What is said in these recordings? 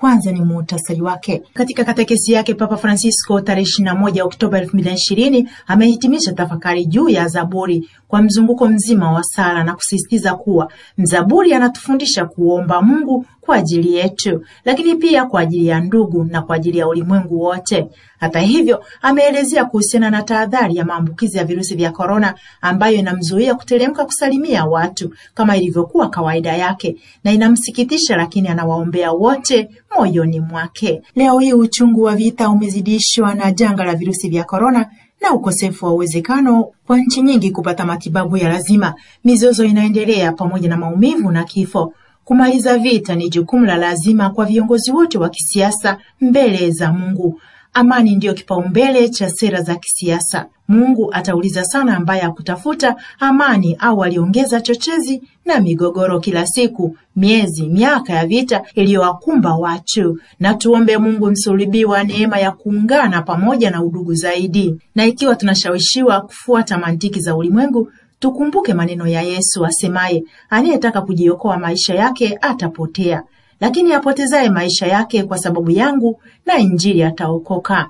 kwanza ni muhtasari wake. Katika katekesi yake, Papa Francisco tarehe 21 Oktoba 2020 amehitimisha tafakari juu ya Zaburi kwa mzunguko mzima wa sala na kusisitiza kuwa mzaburi anatufundisha kuomba Mungu kwa ajili yetu, lakini pia kwa ajili ya ndugu na kwa ajili ya ulimwengu wote. Hata hivyo, ameelezea kuhusiana na tahadhari ya maambukizi ya virusi vya korona ambayo inamzuia kuteremka kusalimia watu kama ilivyokuwa kawaida yake, na inamsikitisha, lakini anawaombea wote moyoni mwake. Leo hii uchungu wa vita umezidishwa na janga la virusi vya korona na ukosefu wa uwezekano kwa nchi nyingi kupata matibabu ya lazima. Mizozo inaendelea pamoja na maumivu na kifo. Kumaliza vita ni jukumu la lazima kwa viongozi wote wa kisiasa mbele za Mungu. Amani ndiyo kipaumbele cha sera za kisiasa. Mungu atauliza sana ambaye akutafuta amani au aliongeza chochezi na migogoro kila siku, miezi, miaka ya vita iliyowakumba watu. Na tuombe Mungu msulubiwa wa neema ya kuungana pamoja na udugu zaidi. Na ikiwa tunashawishiwa kufuata mantiki za ulimwengu, tukumbuke maneno ya Yesu asemaye, anayetaka kujiokoa maisha yake atapotea lakini apotezaye maisha yake kwa sababu yangu na Injili ataokoka.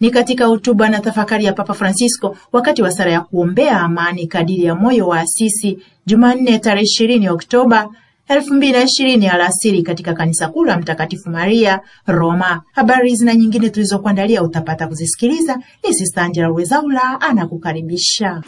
Ni katika hotuba na tafakari ya Papa Francisco wakati wa sala ya kuombea amani kadiri ya moyo wa Asisi, Jumanne tarehe ishirini Oktoba elfu mbili na ishirini alasiri katika kanisa kuu la Mtakatifu Maria Roma. Habari hizi na nyingine tulizokuandalia utapata kuzisikiliza. Ni Sista Angela Wezaula anakukaribisha.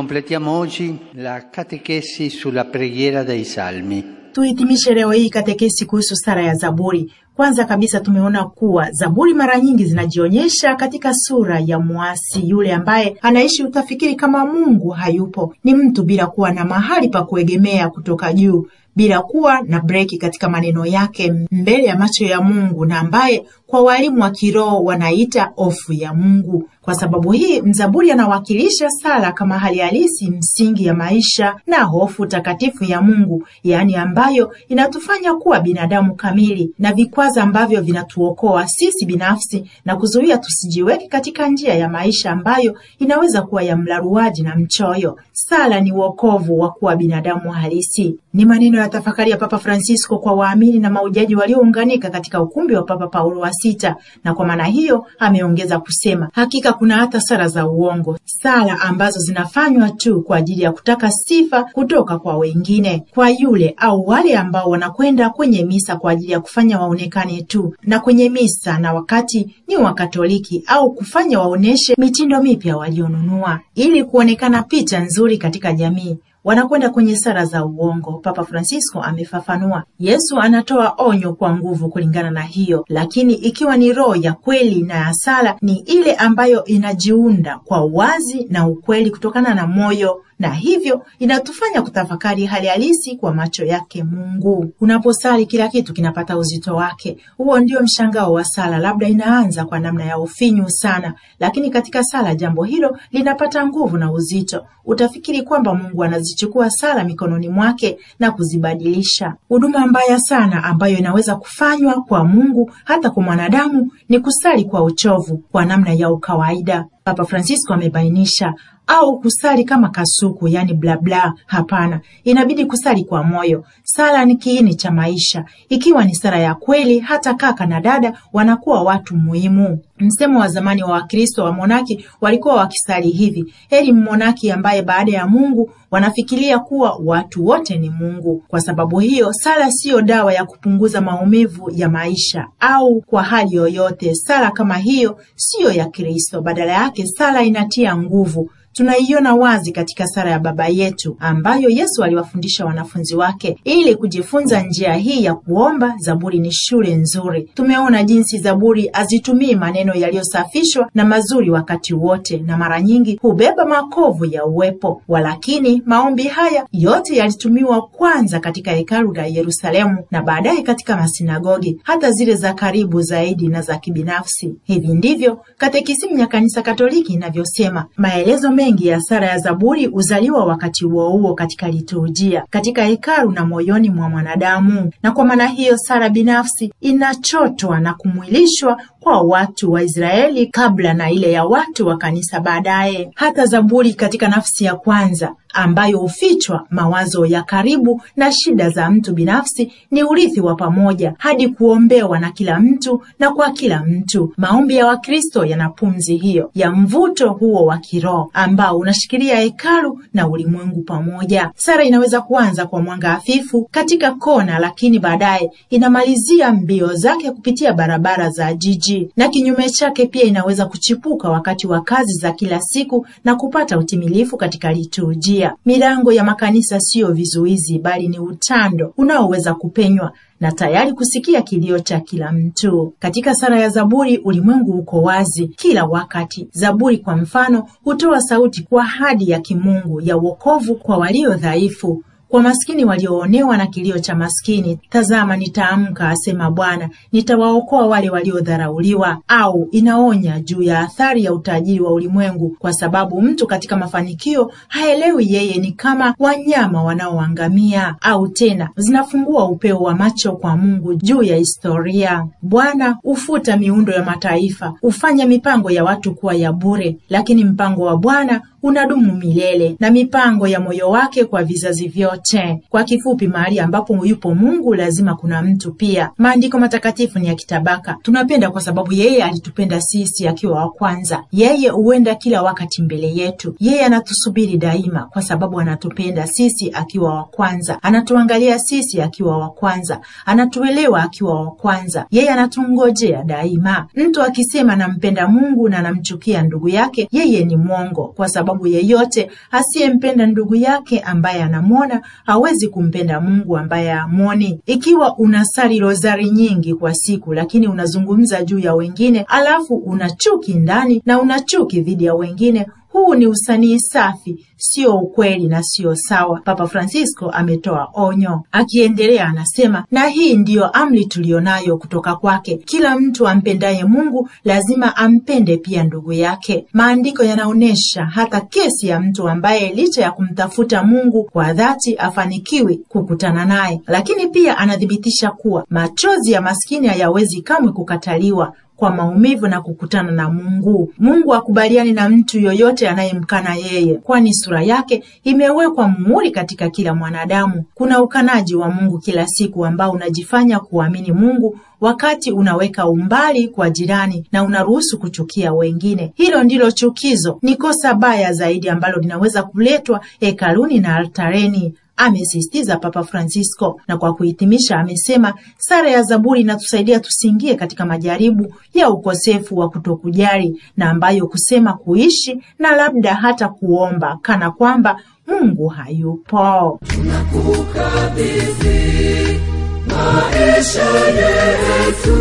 Completiamo oggi la catechesi sulla preghiera dei salmi. Tuhitimishe leo hii katekesi kuhusu sala ya Zaburi. Kwanza kabisa tumeona kuwa Zaburi mara nyingi zinajionyesha katika sura ya mwasi, yule ambaye anaishi utafikiri kama Mungu hayupo. Ni mtu bila kuwa na mahali pa kuegemea kutoka juu, bila kuwa na breki katika maneno yake mbele ya macho ya Mungu, na ambaye kwa walimu wa kiroho wanaita hofu ya Mungu. Kwa sababu hii, mzaburi anawakilisha sala kama hali halisi msingi ya maisha na hofu takatifu ya Mungu, yaani ambayo inatufanya kuwa binadamu kamili na vikwazo ambavyo vinatuokoa sisi binafsi na kuzuia tusijiweke katika njia ya maisha ambayo inaweza kuwa ya mlaruaji na mchoyo. Sala ni wokovu wa kuwa binadamu halisi. Ni maneno ya tafakari ya Papa Francisco kwa waamini na maujaji waliounganika katika ukumbi wa Papa Paulo wa sita, na kwa maana hiyo ameongeza kusema, hakika kuna hata sala za uongo, sala ambazo zinafanywa tu kwa ajili ya kutaka sifa kutoka kwa wengine, kwa yule au wale ambao wanakwenda kwenye misa kwa ajili ya kufanya waonekane tu na kwenye misa, na wakati ni Wakatoliki, au kufanya waoneshe mitindo mipya walionunua ili kuonekana picha nzuri katika jamii wanakwenda kwenye sara za uongo. Papa Francisco amefafanua, Yesu anatoa onyo kwa nguvu kulingana na hiyo, lakini ikiwa ni roho ya kweli na ya sala, ni ile ambayo inajiunda kwa wazi na ukweli kutokana na moyo na hivyo inatufanya kutafakari hali halisi kwa macho yake Mungu. Unaposali kila kitu kinapata uzito wake. Huo ndio mshangao wa sala. Labda inaanza kwa namna ya ufinyu sana, lakini katika sala jambo hilo linapata nguvu na uzito. Utafikiri kwamba Mungu anazichukua sala mikononi mwake na kuzibadilisha. Huduma mbaya sana ambayo inaweza kufanywa kwa Mungu hata kwa mwanadamu ni kusali kwa uchovu, kwa namna ya ukawaida. Papa Francisco amebainisha au kusali kama kasuku, yaani blabla. Hapana, inabidi kusali kwa moyo. Sala ni kiini cha maisha. Ikiwa ni sala ya kweli, hata kaka na dada wanakuwa watu muhimu. Msemo wa zamani wa Wakristo wa monaki walikuwa wakisali hivi: heri monaki ambaye baada ya Mungu wanafikiria kuwa watu wote ni Mungu. Kwa sababu hiyo, sala siyo dawa ya kupunguza maumivu ya maisha au kwa hali yoyote. Sala kama hiyo siyo ya Kristo. Badala yake, sala inatia nguvu, tunaiona wazi katika sara ya Baba yetu ambayo Yesu aliwafundisha wanafunzi wake. Ili kujifunza njia hii ya kuomba, Zaburi ni shule nzuri. Tumeona jinsi Zaburi hazitumii maneno yaliyosafishwa na mazuri wakati wote, na mara nyingi hubeba makovu ya uwepo. Walakini maombi haya yote yalitumiwa kwanza katika hekalu la Yerusalemu na baadaye katika masinagogi, hata zile za karibu zaidi na za kibinafsi. Hivi ndivyo katekisimu ya Kanisa Katoliki inavyosema. Maelezo mengi mengi ya sara ya Zaburi huzaliwa wakati huo huo katika liturujia, katika hekalu na moyoni mwa mwanadamu, na kwa maana hiyo sara binafsi inachotwa na kumwilishwa kwa watu wa Israeli kabla na ile ya watu wa kanisa baadaye. Hata Zaburi katika nafsi ya kwanza ambayo hufichwa mawazo ya karibu na shida za mtu binafsi, ni urithi wa pamoja hadi kuombewa na kila mtu na kwa kila mtu. Maombi ya Wakristo yana pumzi hiyo ya mvuto huo wa kiroho ambao unashikilia hekalu na ulimwengu pamoja. sara inaweza kuanza kwa mwanga hafifu katika kona, lakini baadaye inamalizia mbio zake kupitia barabara za jiji, na kinyume chake pia inaweza kuchipuka wakati wa kazi za kila siku na kupata utimilifu katika liturujia familia. Milango ya makanisa siyo vizuizi, bali ni utando unaoweza kupenywa na tayari kusikia kilio cha kila mtu. Katika sala ya Zaburi, ulimwengu uko wazi kila wakati. Zaburi kwa mfano hutoa sauti kwa hadi ya kimungu ya wokovu kwa walio dhaifu kwa maskini walioonewa na kilio cha maskini, tazama nitaamka, asema Bwana, nitawaokoa wale waliodharauliwa. Au inaonya juu ya athari ya utajiri wa ulimwengu, kwa sababu mtu katika mafanikio haelewi yeye ni kama wanyama wanaoangamia. Au tena zinafungua upeo wa macho kwa Mungu juu ya historia. Bwana hufuta miundo ya mataifa, hufanya mipango ya watu kuwa ya bure, lakini mpango wa Bwana unadumu milele na mipango ya moyo wake kwa vizazi vyote. Kwa kifupi, mahali ambapo yupo Mungu lazima kuna mtu pia. Maandiko matakatifu ni ya kitabaka, tunapenda kwa sababu yeye alitupenda sisi akiwa wa kwanza. Yeye huenda kila wakati mbele yetu, yeye anatusubiri daima kwa sababu anatupenda sisi akiwa wa kwanza, anatuangalia sisi akiwa wa kwanza, anatuelewa akiwa wa kwanza, yeye anatungojea daima. Mtu akisema nampenda Mungu na anamchukia ndugu yake, yeye ni mwongo kwa sababu sababu yeyote asiyempenda ndugu yake ambaye anamwona hawezi kumpenda Mungu ambaye amwoni. Ikiwa unasali rozari nyingi kwa siku, lakini unazungumza juu ya wengine, alafu una chuki ndani na una chuki dhidi ya wengine huu ni usanii safi, sio ukweli na sio sawa. Papa Francisco ametoa onyo. Akiendelea anasema, na hii ndiyo amri tuliyonayo kutoka kwake, kila mtu ampendaye Mungu lazima ampende pia ndugu yake. Maandiko yanaonyesha hata kesi ya mtu ambaye licha ya kumtafuta Mungu kwa dhati afanikiwi kukutana naye, lakini pia anathibitisha kuwa machozi ya maskini hayawezi kamwe kukataliwa kwa maumivu na kukutana na Mungu. Mungu akubaliani na mtu yoyote anayemkana yeye, kwani sura yake imewekwa muhuri katika kila mwanadamu. Kuna ukanaji wa Mungu kila siku ambao unajifanya kuamini Mungu wakati unaweka umbali kwa jirani na unaruhusu kuchukia wengine. Hilo ndilo chukizo, ni kosa baya zaidi ambalo linaweza kuletwa hekaluni na altareni amesisitiza Papa Francisco, na kwa kuhitimisha amesema sara ya Zaburi inatusaidia tusiingie katika majaribu ya ukosefu wa kutokujali, na ambayo kusema kuishi na labda hata kuomba kana kwamba Mungu hayupo. Tunakukabidhi maisha yetu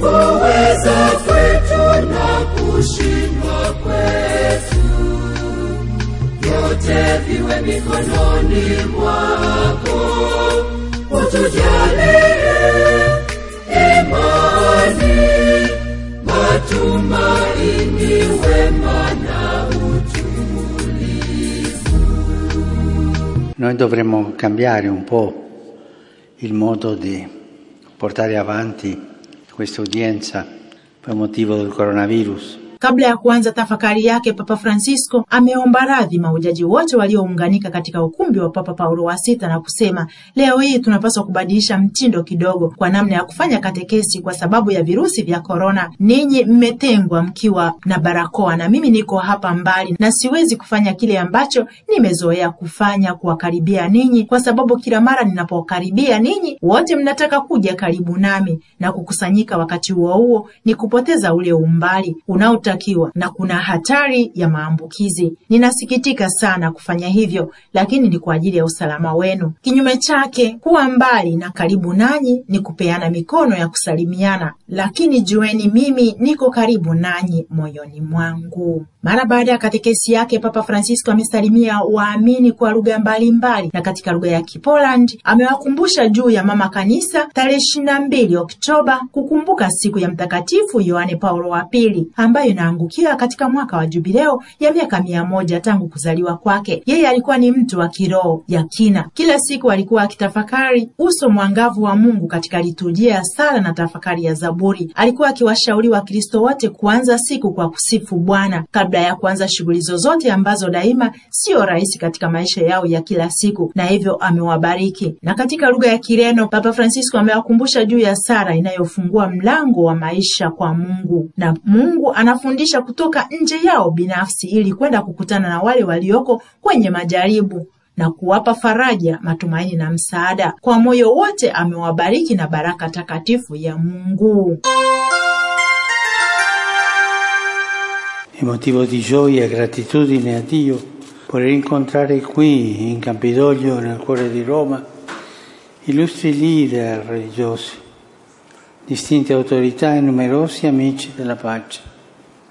kuweza kwetu na kushi viwe mikononi mwako utujalie imani matumaini wema na utulivu noi dovremmo cambiare un po' il modo di portare avanti questa udienza per motivo del coronavirus Kabla ya kuanza tafakari yake, Papa Francisco ameomba radhi mahujaji wote waliounganika katika ukumbi wa Papa Paulo wa Sita na kusema, leo hii tunapaswa kubadilisha mtindo kidogo kwa namna ya kufanya katekesi kwa sababu ya virusi vya korona. Ninyi mmetengwa mkiwa na barakoa na mimi niko hapa mbali na siwezi kufanya kile ambacho nimezoea kufanya, kuwakaribia ninyi, kwa sababu kila mara ninapokaribia ninyi wote mnataka kuja karibu nami na kukusanyika. Wakati huo huo ni kupoteza ule umbali unaota kushtakiwa na kuna hatari ya maambukizi. Ninasikitika sana kufanya hivyo, lakini ni kwa ajili ya usalama wenu. Kinyume chake, kuwa mbali na karibu nanyi ni kupeana mikono ya kusalimiana, lakini jueni mimi niko karibu nanyi moyoni mwangu. Mara baada ya katekesi yake, Papa Francisco amesalimia waamini kwa lugha mbalimbali, na katika lugha ya Kipolandi amewakumbusha juu ya mama kanisa tarehe 22 Oktoba kukumbuka siku ya Mtakatifu Yohane Paulo wa pili ambayo inaangukia katika mwaka wa jubileo ya miaka mia moja tangu kuzaliwa kwake. Yeye alikuwa ni mtu wa kiroho ya kina. Kila siku alikuwa akitafakari uso mwangavu wa Mungu katika liturujia ya sala na tafakari ya Zaburi. Alikuwa akiwashauri Wakristo wote kuanza siku kwa kusifu Bwana kabla ya kuanza shughuli zozote ambazo daima siyo rahisi katika maisha yao ya kila siku, na hivyo amewabariki. Na katika lugha ya Kireno, Papa Francisco amewakumbusha juu ya sala inayofungua mlango wa maisha kwa Mungu na Mungu anafungua kujifundisha kutoka nje yao binafsi ili kwenda kukutana na wale walioko kwenye majaribu na kuwapa faraja, matumaini na msaada. Kwa moyo wote amewabariki na baraka takatifu ya Mungu. Il motivo di gioia e gratitudine a Dio per incontrare qui in Campidoglio, nel cuore di Roma, illustri leader religiosi, distinte autorità e numerosi amici della pace.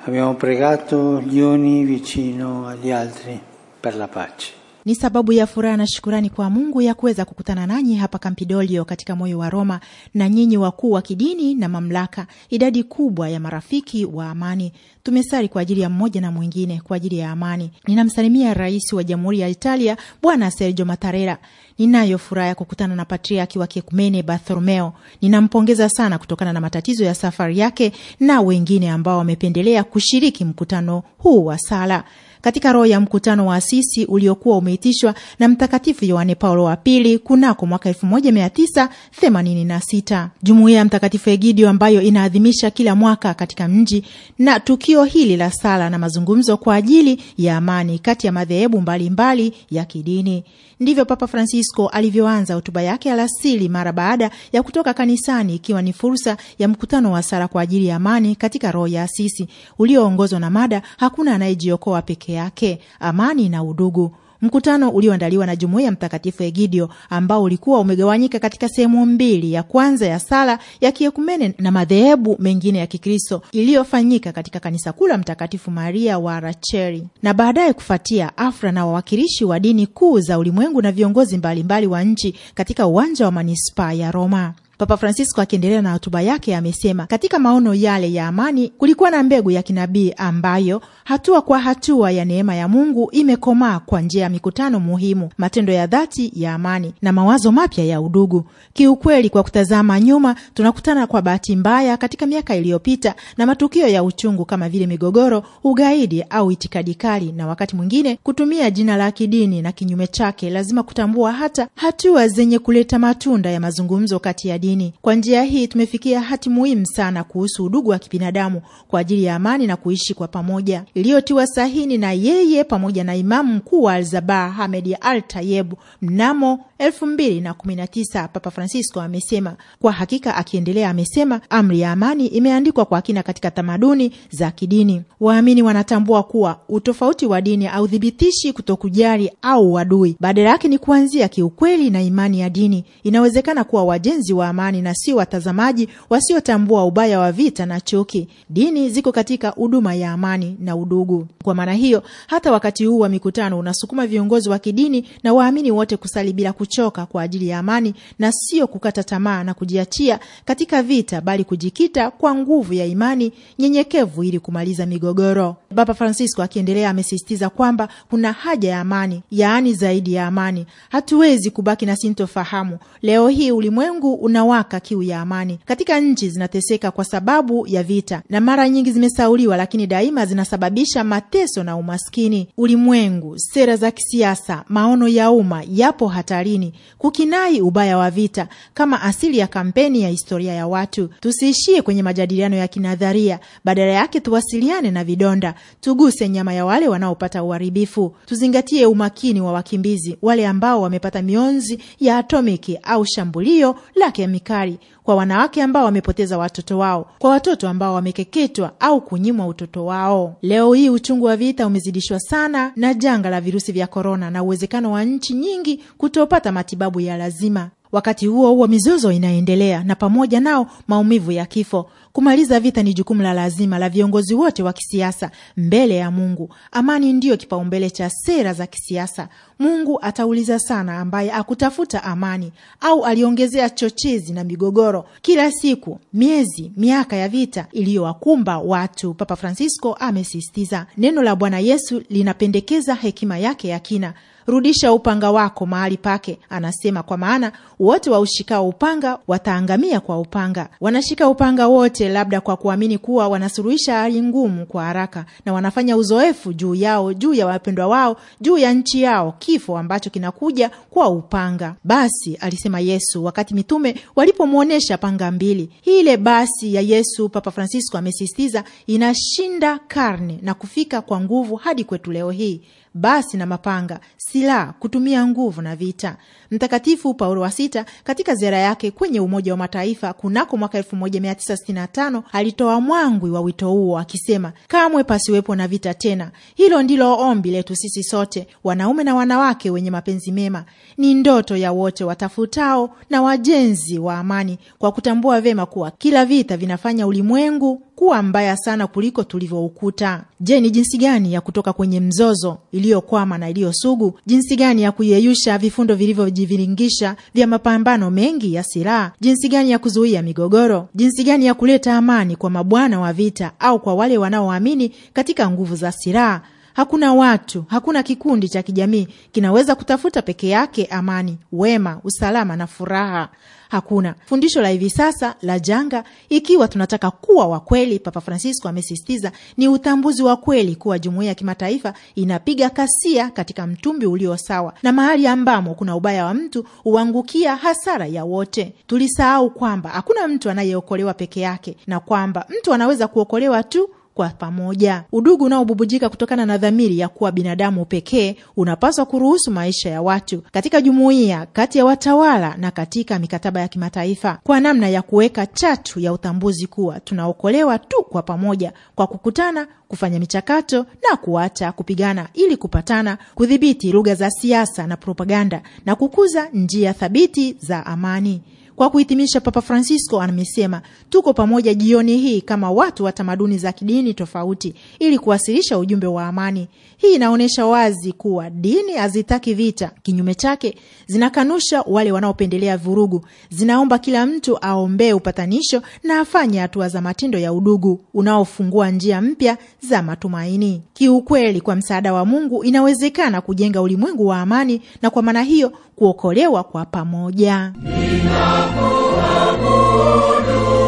Abbiamo pregato gli uni vicino agli altri per la pace. Ni sababu ya furaha na shukurani kwa Mungu ya kuweza kukutana nanyi hapa Kampidolio katika moyo wa Roma, na nyinyi wakuu wa kidini na mamlaka, idadi kubwa ya marafiki wa amani. Tumesali kwa ajili ya mmoja na mwingine kwa ajili ya amani. Ninamsalimia Rais wa Jamhuri ya Italia Bwana Sergio Mattarella. Ninayo furaha ya kukutana na Patriaki wa Kiekumene Bartholomeo. Ninampongeza sana kutokana na matatizo ya safari yake na wengine ambao wamependelea kushiriki mkutano huu wa sala katika roho ya mkutano wa Asisi uliokuwa umeitishwa na Mtakatifu Yohane Paulo wa Pili kunako mwaka 1986. Jumuiya ya Mtakatifu Egidio ambayo inaadhimisha kila mwaka katika mji na tukio hili la sala na mazungumzo kwa ajili ya amani kati ya madhehebu mbalimbali ya kidini Ndivyo Papa Francisco alivyoanza hotuba yake alasili mara baada ya kutoka kanisani, ikiwa ni fursa ya mkutano wa sala kwa ajili ya amani katika roho ya Asisi ulioongozwa na mada hakuna anayejiokoa peke yake, amani na udugu. Mkutano ulioandaliwa na jumuiya ya Mtakatifu Egidio ambao ulikuwa umegawanyika katika sehemu mbili, ya kwanza ya sala ya kiekumene na madhehebu mengine ya Kikristo iliyofanyika katika kanisa kuu la Mtakatifu Maria wa Racheri, na baadaye kufuatia afra na wawakilishi wa dini kuu za ulimwengu na viongozi mbalimbali mbali wa nchi katika uwanja wa manispaa ya Roma. Papa Francisco akiendelea na hotuba yake amesema, katika maono yale ya amani kulikuwa na mbegu ya kinabii ambayo hatua kwa hatua ya neema ya Mungu imekomaa kwa njia ya mikutano muhimu, matendo ya dhati ya amani na mawazo mapya ya udugu. Kiukweli, kwa kutazama nyuma, tunakutana kwa bahati mbaya katika miaka iliyopita na matukio ya uchungu kama vile migogoro, ugaidi au itikadi kali, na wakati mwingine kutumia jina la kidini na kinyume chake. Lazima kutambua hata hatua zenye kuleta matunda ya mazungumzo kati ya dini kijijini. Kwa njia hii tumefikia hati muhimu sana kuhusu udugu wa kibinadamu kwa ajili ya amani na kuishi kwa pamoja iliyotiwa sahini na yeye pamoja na Imamu Mkuu wa alzaba Hamed Al Tayebu mnamo elfu na Papa Francisco amesema kwa hakika, akiendelea amesema amri ya amani imeandikwa kwa kina katika tamaduni za kidini. Waamini wanatambua kuwa utofauti wa dini haudhibitishi kutokujali au uadui, badala yake ni kuanzia kiukweli na imani ya dini. Inawezekana kuwa wajenzi wa amani na si watazamaji wasiotambua ubaya wa vita na chuki. Dini ziko katika huduma ya amani na udugu. Kwa maana hiyo, hata wakati huu wa mikutano unasukuma viongozi wa kidini na waamini wote kusali bila kuchoka kwa ajili ya amani na sio kukata tamaa na kujiachia katika vita, bali kujikita kwa nguvu ya imani nyenyekevu ili kumaliza migogoro. Papa Francisco akiendelea amesisitiza kwamba kuna haja ya amani, yaani zaidi ya amani. Hatuwezi kubaki na sintofahamu. Leo hii ulimwengu una inawaka kiu ya amani. Katika nchi zinateseka kwa sababu ya vita na mara nyingi zimesauliwa, lakini daima zinasababisha mateso na umaskini. Ulimwengu, sera za kisiasa, maono ya umma yapo hatarini kukinai ubaya wa vita kama asili ya kampeni ya historia ya watu. Tusiishie kwenye majadiliano ya kinadharia, badala yake tuwasiliane na vidonda, tuguse nyama ya wale wanaopata uharibifu, tuzingatie umakini wa wakimbizi, wale ambao wamepata mionzi ya atomiki au shambulio lake mikali kwa wanawake ambao wamepoteza watoto wao, kwa watoto ambao wamekeketwa au kunyimwa utoto wao. Leo hii uchungu wa vita umezidishwa sana na janga la virusi vya korona na uwezekano wa nchi nyingi kutopata matibabu ya lazima. Wakati huo huo, mizozo inaendelea na pamoja nao maumivu ya kifo. Kumaliza vita ni jukumu la lazima la viongozi wote wa kisiasa mbele ya Mungu. Amani ndiyo kipaumbele cha sera za kisiasa. Mungu atauliza sana ambaye akutafuta amani, au aliongezea chochezi na migogoro kila siku, miezi, miaka ya vita iliyowakumba watu. Papa Francisco amesisitiza neno la Bwana Yesu linapendekeza hekima yake ya kina rudisha upanga wako mahali pake, anasema kwa maana wote waushikao upanga wataangamia kwa upanga. Wanashika upanga wote, labda kwa kuamini kuwa wanasuluhisha hali ngumu kwa haraka, na wanafanya uzoefu juu yao, juu ya wapendwa wao, juu ya nchi yao, kifo ambacho kinakuja kwa upanga. Basi alisema Yesu wakati mitume walipomwonyesha panga mbili. Ile basi ya Yesu, Papa Francisco amesisitiza, inashinda karne na kufika kwa nguvu hadi kwetu leo hii basi na mapanga, silaha, kutumia nguvu na vita. Mtakatifu Paulo wa Sita katika ziara yake kwenye Umoja wa Mataifa kunako mwaka 1965 alitoa mwangwi wa wito huo akisema, kamwe pasiwepo na vita tena. Hilo ndilo ombi letu sisi sote, wanaume na wanawake wenye mapenzi mema. Ni ndoto ya wote watafutao na wajenzi wa amani, kwa kutambua vema kuwa kila vita vinafanya ulimwengu kuwa mbaya sana kuliko tulivyoukuta. Je, ni jinsi gani ya kutoka kwenye mzozo iliyokwama na iliyo sugu, jinsi gani ya kuyeyusha vifundo vilivyojiviringisha vya mapambano mengi ya silaha, jinsi gani ya kuzuia migogoro, jinsi gani ya kuleta amani kwa mabwana wa vita au kwa wale wanaoamini katika nguvu za silaha Hakuna watu, hakuna kikundi cha kijamii kinaweza kutafuta peke yake amani, wema, usalama na furaha. Hakuna fundisho la hivi sasa la janga. Ikiwa tunataka kuwa wa kweli, Papa Francisco amesisitiza, ni utambuzi wa kweli kuwa jumuiya ya kimataifa inapiga kasia katika mtumbi ulio sawa, na mahali ambamo kuna ubaya wa mtu huangukia hasara ya wote. Tulisahau kwamba hakuna mtu anayeokolewa peke yake na kwamba mtu anaweza kuokolewa tu kwa pamoja. Udugu unaobubujika kutokana na dhamiri ya kuwa binadamu pekee unapaswa kuruhusu maisha ya watu katika jumuiya, kati ya watawala na katika mikataba ya kimataifa, kwa namna ya kuweka chatu ya utambuzi kuwa tunaokolewa tu kwa pamoja kwa kukutana kufanya michakato na kuacha kupigana ili kupatana, kudhibiti lugha za siasa na propaganda na kukuza njia thabiti za amani. Kwa kuhitimisha, Papa Francisco amesema tuko pamoja jioni hii kama watu wa tamaduni za kidini tofauti ili kuwasilisha ujumbe wa amani. Hii inaonyesha wazi kuwa dini hazitaki vita, kinyume chake zinakanusha wale wanaopendelea vurugu, zinaomba kila mtu aombee upatanisho na afanye hatua za matendo ya udugu unaofungua njia mpya za matumaini. Kiukweli, kwa msaada wa Mungu inawezekana kujenga ulimwengu wa amani, na kwa maana hiyo kuokolewa kwa pamoja. Ninakuabudu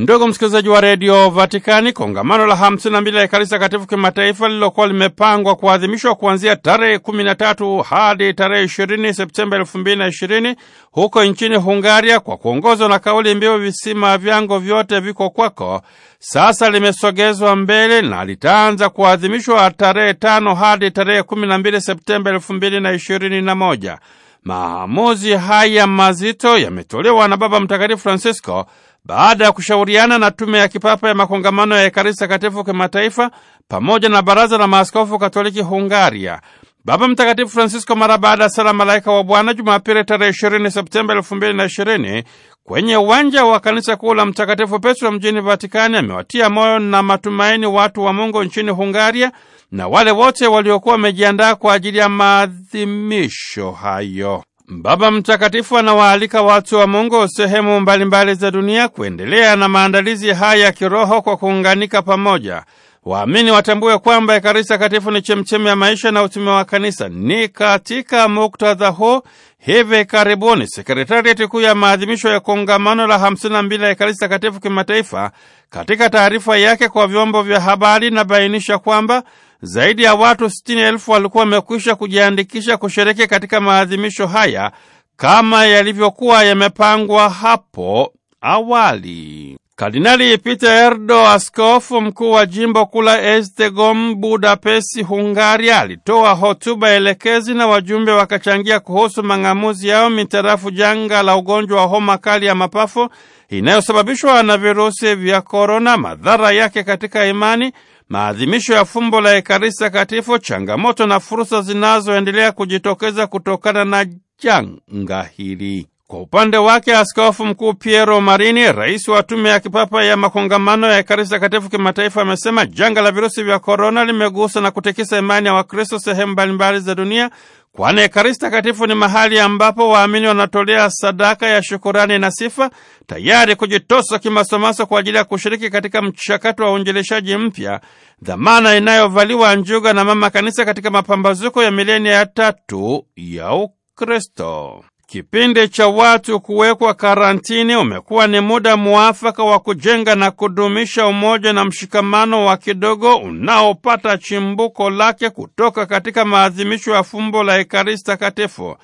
Ndugu msikilizaji wa redio Vatikani, kongamano la 52 la Ekaristi Takatifu kimataifa lililokuwa limepangwa kuadhimishwa kuanzia tarehe 13 hadi tarehe 20 Septemba 2020 huko nchini Hungaria, kwa kuongozwa na kauli mbiu visima vyangu vyote viko kwako, sasa limesogezwa mbele na litaanza kuadhimishwa tarehe 5 hadi tarehe 12 Septemba 2021. Maamuzi haya mazito yametolewa na Baba Mtakatifu Francisco baada ya kushauriana na Tume ya Kipapa ya Makongamano ya Ekaristi Takatifu Kimataifa pamoja na Baraza la Maaskofu Katoliki Hungaria. Baba Mtakatifu Francisco mara baada ya sala Malaika wa Bwana Jumapili tarehe 20 Septemba 2020 kwenye uwanja wa kanisa kuu la Mtakatifu Petro mjini Vatikani amewatia moyo na matumaini watu wa Mungu nchini Hungaria na wale wote waliokuwa wamejiandaa kwa ajili ya maadhimisho hayo. Baba Mtakatifu anawaalika watu wa Mungu sehemu mbalimbali za dunia kuendelea na maandalizi haya ya kiroho kwa kuunganika pamoja. Waamini watambue kwamba Ekaristi Takatifu ni chemchemi ya maisha na utume wa Kanisa. Ni katika muktadha huu, hivi karibuni sekretarieti kuu ya maadhimisho ya kongamano la 52 la Ekaristi Takatifu kimataifa, katika taarifa yake kwa vyombo vya habari, inabainisha kwamba zaidi ya watu sitini elfu walikuwa wamekwisha kujiandikisha kushiriki katika maadhimisho haya kama yalivyokuwa yamepangwa hapo awali. Kardinali Peter Erdo, askofu mkuu wa jimbo kula Estegom, Budapesti, Hungaria, alitoa hotuba elekezi na wajumbe wakachangia kuhusu mang'amuzi yao mitarafu janga la ugonjwa wa homa kali ya mapafu inayosababishwa na virusi vya korona, madhara yake katika imani maadhimisho ya fumbo la Ekaristi Takatifu, changamoto na fursa zinazoendelea kujitokeza kutokana na janga hili. Kwa upande wake askofu mkuu Piero Marini, rais wa tume ya kipapa ya makongamano ya Ekaristi Takatifu kimataifa, amesema janga la virusi vya korona limegusa na kutikisa imani ya Wakristo sehemu mbalimbali za dunia, kwani Ekaristi Takatifu ni mahali ambapo waamini wanatolea sadaka ya shukurani na sifa, tayari kujitosa kimasomaso kwa ajili ya kushiriki katika mchakato wa uinjilishaji mpya, dhamana inayovaliwa njuga na Mama Kanisa katika mapambazuko ya milenia ya tatu ya Ukristo. Kipindi cha watu kuwekwa karantini umekuwa ni muda muafaka wa kujenga na kudumisha umoja na mshikamano wa kidogo unaopata chimbuko lake kutoka katika maadhimisho ya fumbo la Ekaristi Takatifu.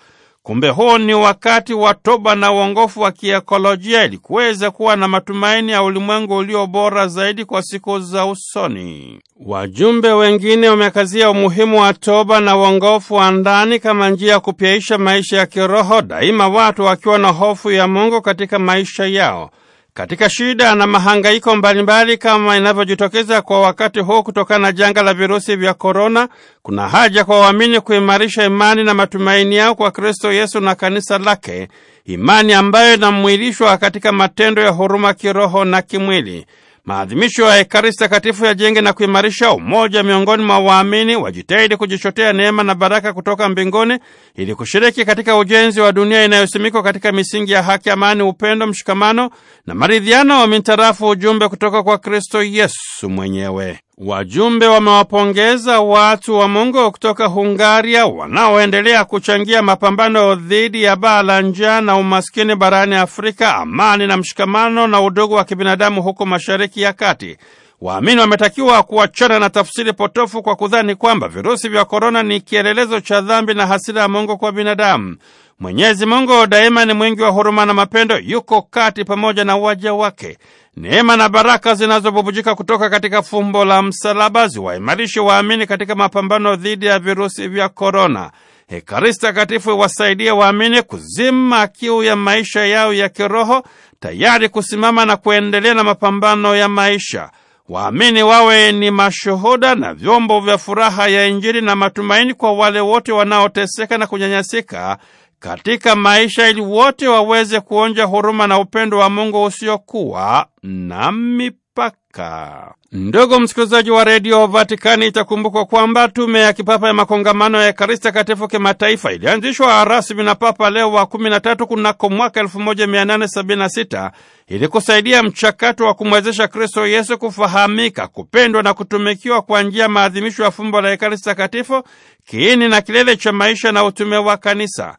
Kumbe huu ni wakati wa toba na uongofu wa kiekolojia ili kuweza kuwa na matumaini ya ulimwengu ulio bora zaidi kwa siku za usoni. Wajumbe wengine wamekazia umuhimu wa toba na uongofu wa ndani kama njia ya kupyaisha maisha ya kiroho, daima watu wakiwa na hofu ya Mungu katika maisha yao katika shida na mahangaiko mbalimbali kama inavyojitokeza kwa wakati huu kutokana na janga la virusi vya korona, kuna haja kwa waamini kuimarisha imani na matumaini yao kwa Kristo Yesu na kanisa lake, imani ambayo inamwilishwa katika matendo ya huruma kiroho na kimwili. Maadhimisho ya Ekaristi Takatifu yajenge na kuimarisha umoja miongoni mwa waamini, wajitahidi kujichotea neema na baraka kutoka mbinguni ili kushiriki katika ujenzi wa dunia inayosimikwa katika misingi ya haki, amani, upendo, mshikamano na maridhiano wa mintarafu ujumbe kutoka kwa Kristo Yesu mwenyewe. Wajumbe wamewapongeza watu wa Mungu kutoka Hungaria wanaoendelea kuchangia mapambano dhidi ya baa la njaa na umaskini barani Afrika, amani na mshikamano na udugu wa kibinadamu huko Mashariki ya Kati. Waamini wametakiwa kuachana na tafsiri potofu kwa kudhani kwamba virusi vya korona ni kielelezo cha dhambi na hasira ya Mungu kwa binadamu. Mwenyezi Mungu daima ni mwingi wa huruma na mapendo, yuko kati pamoja na waja wake. Neema na baraka zinazobubujika kutoka katika fumbo la msalaba ziwaimarishi waamini katika mapambano dhidi ya virusi vya korona. Ekaristi Takatifu iwasaidie waamini kuzima kiu ya maisha yao ya kiroho, tayari kusimama na kuendelea na mapambano ya maisha. Waamini wawe ni mashuhuda na vyombo vya furaha ya Injili na matumaini kwa wale wote wanaoteseka na kunyanyasika katika maisha ili wote waweze kuonja huruma na upendo wa Mungu usiokuwa na mipaka. Ndugu msikilizaji wa redio Vatikani, itakumbukwa kwamba tume ya kipapa ya makongamano ya ekaristi takatifu kimataifa ilianzishwa rasmi na Papa Leo wa 13 kunako mwaka 1876 ili kusaidia mchakato wa kumwezesha Kristo Yesu kufahamika, kupendwa na kutumikiwa kwa njia ya maadhimisho ya fumbo la ekaristi takatifu, kiini na kilele cha maisha na utume wa kanisa.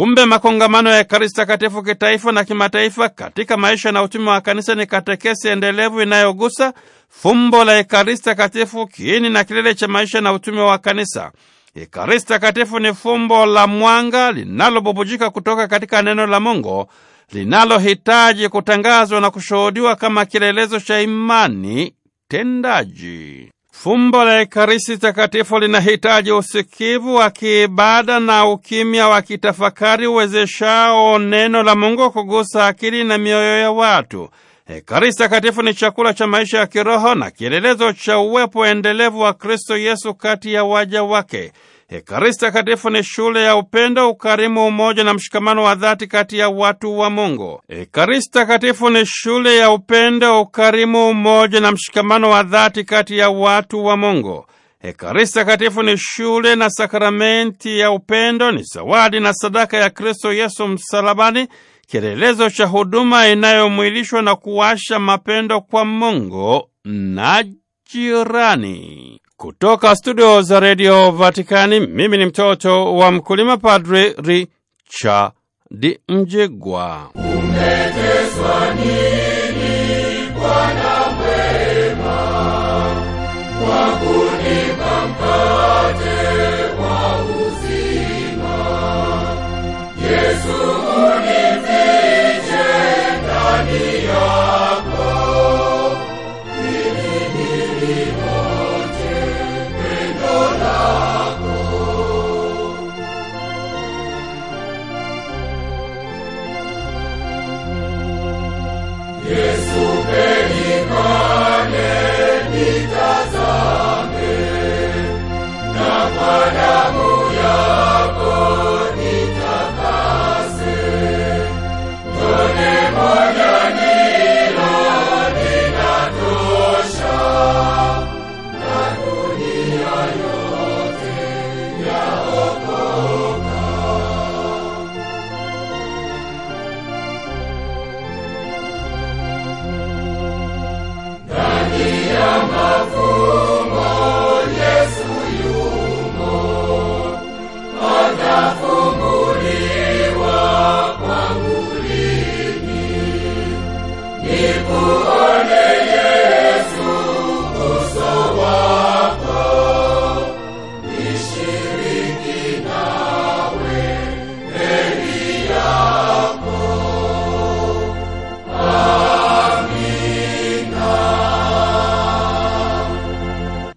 Kumbe makongamano ya Ekaristi Takatifu kitaifa na kimataifa katika maisha na utume wa kanisa ni katekesi endelevu inayogusa fumbo la Ekaristi Takatifu, kiini na kilele cha maisha na utume wa kanisa. Ekaristi Takatifu ni fumbo la mwanga linalobubujika kutoka katika neno la Mungu linalohitaji kutangazwa na kushuhudiwa kama kielelezo cha imani tendaji. Fumbo la Ekaristi Takatifu linahitaji usikivu wa kiibada na ukimya wa kitafakari uwezeshao neno la Mungu kugusa akili na mioyo ya watu. Ekaristi Takatifu ni chakula cha maisha ya kiroho na kielelezo cha uwepo endelevu wa Kristo Yesu kati ya waja wake. Ekaristi Takatifu ni shule ya upendo, ukarimu, umoja na mshikamano wa dhati kati ya watu wa Mungu. Ekaristi Takatifu ni shule ya upendo, ukarimu, umoja na mshikamano wa dhati kati ya watu wa Mungu. Ekaristi Takatifu ni shule na sakramenti ya upendo, ni zawadi na sadaka ya Kristo Yesu msalabani, kielelezo cha huduma inayomwilishwa na kuwasha mapendo kwa Mungu na jirani. Kutoka studio za redio Vatikani, mimi ni mtoto wa mkulima, Padre Richard Mjigwa. Umeteswa nini Bwana mwema, kwa kunipa mkate wa uzima Yesu Adam.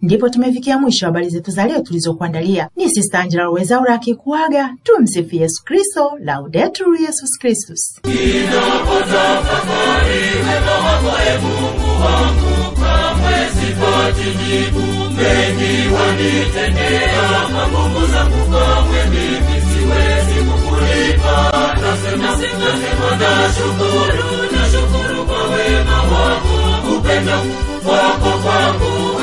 ndipo tumefikia mwisho habari zetu za leo tulizokuandalia. Ni Sista Angela Rwezaura akikuaga. Tumsifu Yesu Kristo, Laudetur Yesus Kristus. Nashukuru, kwa wema wako, upendo wako kwangu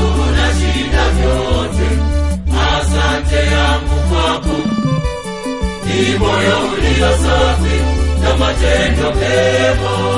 Señor, te voy.